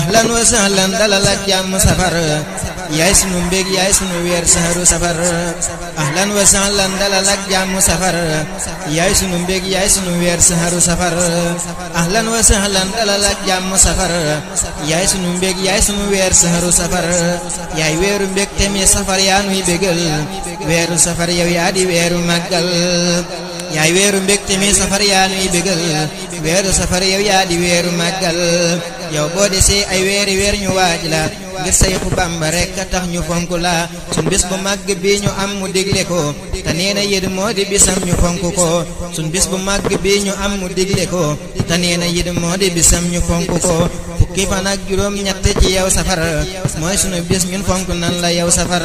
ahlan wa sahlan dalal ak jàmm safar yaay sunu mbég yaay sunu weer saharu safar ahlan wa sahlan dalal ak jàmm safar yaay sunu mbég yaay sunu weer saharu safar ahlan wa sahlan dalal ak jàmm safar yaay sunu mbég yaay sunu weer saharu safar yaay weeru mbég tamit safar yaa nuy bégal weeru safar yow yaa di weeru màggal yaay weeru mbég tamit safar yaa nuy bégal weeru safar yow yaa di weeru màggal yow boo desee ay weeri weer ñu waaj la ngir sayxu bamba rekk tax ñu fonk la sun bis bu màgg bi ñu am mu digle ko te nee na moo di bisam ñu fonk ko sun bis bu màgg bi ñu am mu digle ko te nee na yit moo di bisam ñu fonk ko fukki fan ak juróom ñett ci safara la mooy sunu bis ñun fonk nan la yow safar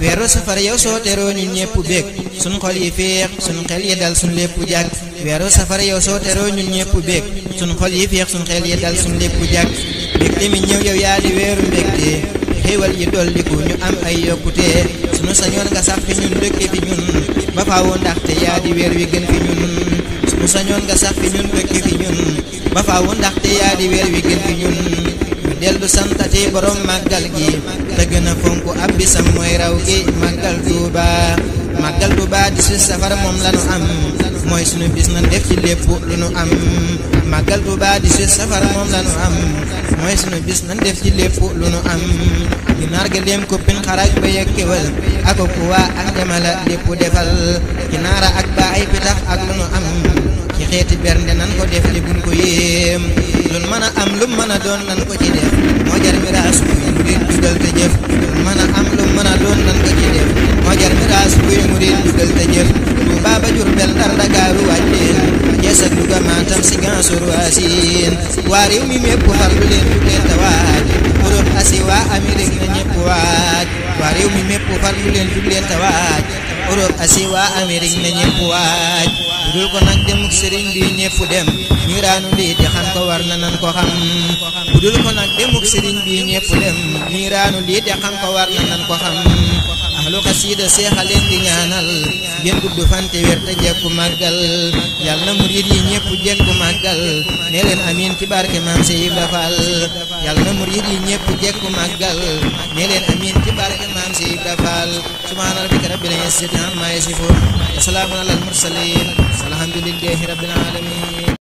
weeru safar yow soo teroo ñu ñépp bég sun xol yi féex sun xel yi dal sun lépp jàkk weeru safar yow soo teroo ñu ñépp bég sun xol yi féex sun xel yi dal sun lépp jàkk mbégte mi ñëw yow yaa di weeru mbégte xéewal yi dolliku ñu am ay yokkute sunu sañoon nga sax fi ñun dëkke fi ñun ba faaw ndaxte yaa di weer wi gën fi ñun sunu sañoon nga sax fi gën fi ñun dellu màggal gi te gën a fonk ab bisam mooy raw gi màggal Tuuba màggal Tuuba di su safar moom lanu am mooy sunu bis na def ci lépp lu nu am màggal Tuubaa di si safar moom la nu am mooy sunu bis nan def ci lépp lu nu am ginaar ga leem koppin xaraaj ba yekkewal ak kuwaa ak jamala lépp defal ginaara ak ba ay pitax ak lu nu am ci xeeti bernde nan ko def li ko yéem lu mën a am lu mën a doon nan ko ci def si gansur waa siin waa réew mi mépp xarlu leen du leen tawaaj Europe Asie waa Amérique na ñépp waaj waa réew mi mépp xarlu leen du leen tawaaj Europe Asie waa Amérique na ñépp waaj dul ko nag demuk sëriñ bi ñépp dem ñu raanu lii ko warna nan ko xam budul ko nak demuk serigne bi ñepp dem niiraanu li de xam ko warna nan ko xam ahlu qasida seexa di ñaanal ngeen gudd fante werta jekku màggal murid yi ñepp jekku magal ne len amin ci barke mam si ibra fall yal murid yi ñepp jekku magal ne len amin ci barke mam si ibra fall subhaana rabbika rabbil izzati amma yasifun assalamu alal mursalin alhamdulillahi rabbil alamin